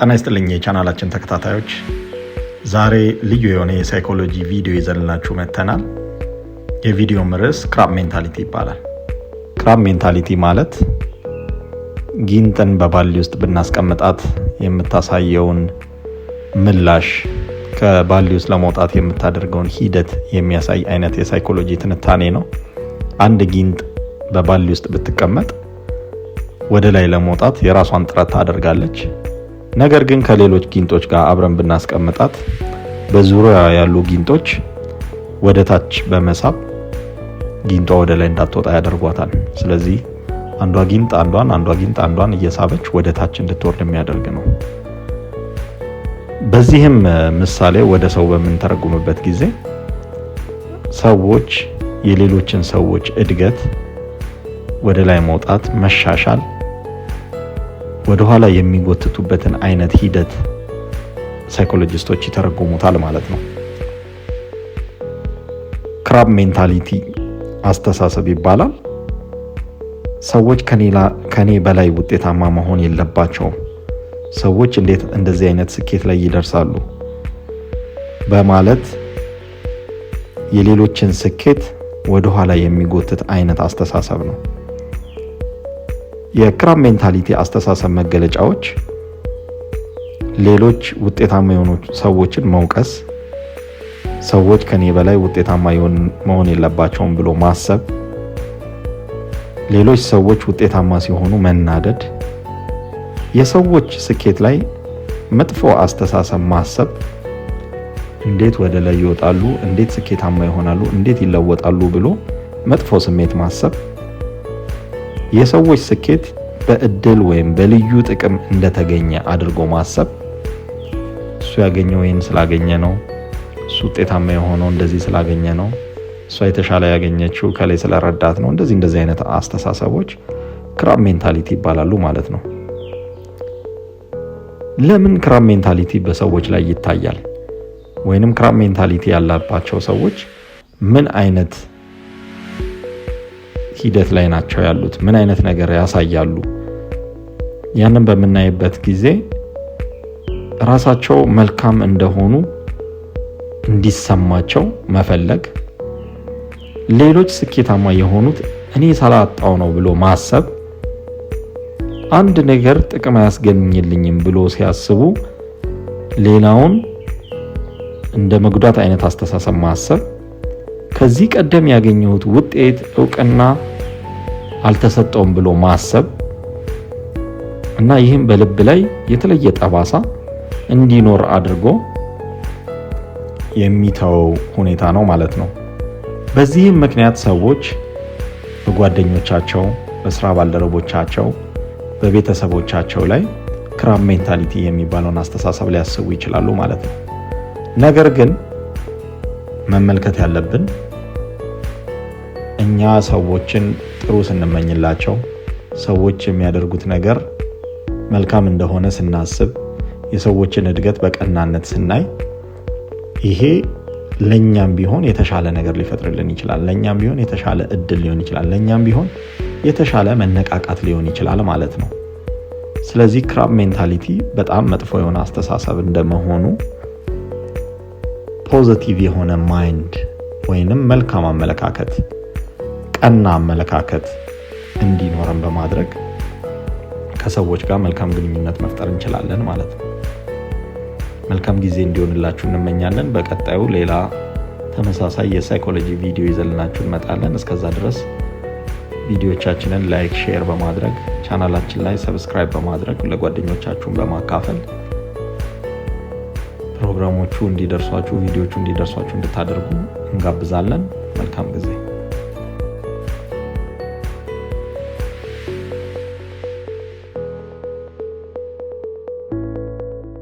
ጤና ይስጥልኝ የቻናላችን ተከታታዮች፣ ዛሬ ልዩ የሆነ የሳይኮሎጂ ቪዲዮ ይዘልናችሁ መጥተናል። የቪዲዮ ርዕስ ክራብ ሜንታሊቲ ይባላል። ክራብ ሜንታሊቲ ማለት ጊንጥን በባሊ ውስጥ ብናስቀምጣት የምታሳየውን ምላሽ ከባሊ ውስጥ ለመውጣት የምታደርገውን ሂደት የሚያሳይ አይነት የሳይኮሎጂ ትንታኔ ነው። አንድ ጊንጥ በባሊ ውስጥ ብትቀመጥ ወደ ላይ ለመውጣት የራሷን ጥረት ታደርጋለች። ነገር ግን ከሌሎች ጊንጦች ጋር አብረን ብናስቀምጣት በዙሪያ ያሉ ጊንጦች ወደ ታች በመሳብ ጊንጧ ወደ ላይ እንዳትወጣ ያደርጓታል። ስለዚህ አንዷ ጊንጥ አንዷን አንዷ ጊንጥ አንዷን እየሳበች ወደ ታች እንድትወርድ የሚያደርግ ነው። በዚህም ምሳሌ ወደ ሰው በምንተረጉምበት ጊዜ ሰዎች የሌሎችን ሰዎች እድገት ወደ ላይ መውጣት መሻሻል ወደኋላ የሚጎትቱበትን አይነት ሂደት ሳይኮሎጂስቶች ይተረጉሙታል ማለት ነው። ክራብ ሜንታሊቲ አስተሳሰብ ይባላል። ሰዎች ከኔ በላይ ውጤታማ መሆን የለባቸውም፣ ሰዎች እንዴት እንደዚህ አይነት ስኬት ላይ ይደርሳሉ በማለት የሌሎችን ስኬት ወደኋላ የሚጎትት አይነት አስተሳሰብ ነው። የክራም ሜንታሊቲ አስተሳሰብ መገለጫዎች ሌሎች ውጤታማ የሆኑ ሰዎችን መውቀስ፣ ሰዎች ከኔ በላይ ውጤታማ መሆን የለባቸውም ብሎ ማሰብ፣ ሌሎች ሰዎች ውጤታማ ሲሆኑ መናደድ፣ የሰዎች ስኬት ላይ መጥፎ አስተሳሰብ ማሰብ፣ እንዴት ወደ ላይ ይወጣሉ፣ እንዴት ስኬታማ ይሆናሉ፣ እንዴት ይለወጣሉ ብሎ መጥፎ ስሜት ማሰብ የሰዎች ስኬት በእድል ወይም በልዩ ጥቅም እንደተገኘ አድርጎ ማሰብ እሱ ያገኘው ይህን ስላገኘ ነው፣ እሱ ውጤታማ የሆነው እንደዚህ ስላገኘ ነው፣ እሷ የተሻለ ያገኘችው ከላይ ስለረዳት ነው። እንደዚህ እንደዚህ አይነት አስተሳሰቦች ክራብ ሜንታሊቲ ይባላሉ ማለት ነው። ለምን ክራብ ሜንታሊቲ በሰዎች ላይ ይታያል? ወይንም ክራብ ሜንታሊቲ ያላባቸው ሰዎች ምን አይነት ሂደት ላይ ናቸው ያሉት? ምን አይነት ነገር ያሳያሉ? ያንን በምናይበት ጊዜ ራሳቸው መልካም እንደሆኑ እንዲሰማቸው መፈለግ፣ ሌሎች ስኬታማ የሆኑት እኔ ሳላጣው ነው ብሎ ማሰብ፣ አንድ ነገር ጥቅም አያስገኝልኝም ብሎ ሲያስቡ ሌላውን እንደ መጉዳት አይነት አስተሳሰብ ማሰብ ከዚህ ቀደም ያገኘሁት ውጤት እውቅና አልተሰጠውም ብሎ ማሰብ እና ይህም በልብ ላይ የተለየ ጠባሳ እንዲኖር አድርጎ የሚተወው ሁኔታ ነው ማለት ነው። በዚህም ምክንያት ሰዎች በጓደኞቻቸው፣ በስራ ባልደረቦቻቸው፣ በቤተሰቦቻቸው ላይ ክራብ ሜንታሊቲ የሚባለውን አስተሳሰብ ሊያስቡ ይችላሉ ማለት ነው። ነገር ግን መመልከት ያለብን እኛ ሰዎችን ጥሩ ስንመኝላቸው ሰዎች የሚያደርጉት ነገር መልካም እንደሆነ ስናስብ የሰዎችን እድገት በቀናነት ስናይ ይሄ ለእኛም ቢሆን የተሻለ ነገር ሊፈጥርልን ይችላል። ለእኛም ቢሆን የተሻለ እድል ሊሆን ይችላል። ለእኛም ቢሆን የተሻለ መነቃቃት ሊሆን ይችላል ማለት ነው። ስለዚህ ክራብ ሜንታሊቲ በጣም መጥፎ የሆነ አስተሳሰብ እንደመሆኑ ፖዘቲቭ የሆነ ማይንድ ወይንም መልካም አመለካከት ቀና አመለካከት እንዲኖረን በማድረግ ከሰዎች ጋር መልካም ግንኙነት መፍጠር እንችላለን ማለት ነው። መልካም ጊዜ እንዲሆንላችሁ እንመኛለን። በቀጣዩ ሌላ ተመሳሳይ የሳይኮሎጂ ቪዲዮ ይዘልናችሁ እንመጣለን። እስከዛ ድረስ ቪዲዮቻችንን ላይክ፣ ሼር በማድረግ ቻናላችን ላይ ሰብስክራይብ በማድረግ ለጓደኞቻችሁን በማካፈል ፕሮግራሞቹ እንዲደርሷችሁ ቪዲዮቹ እንዲደርሷችሁ እንድታደርጉ እንጋብዛለን። መልካም ጊዜ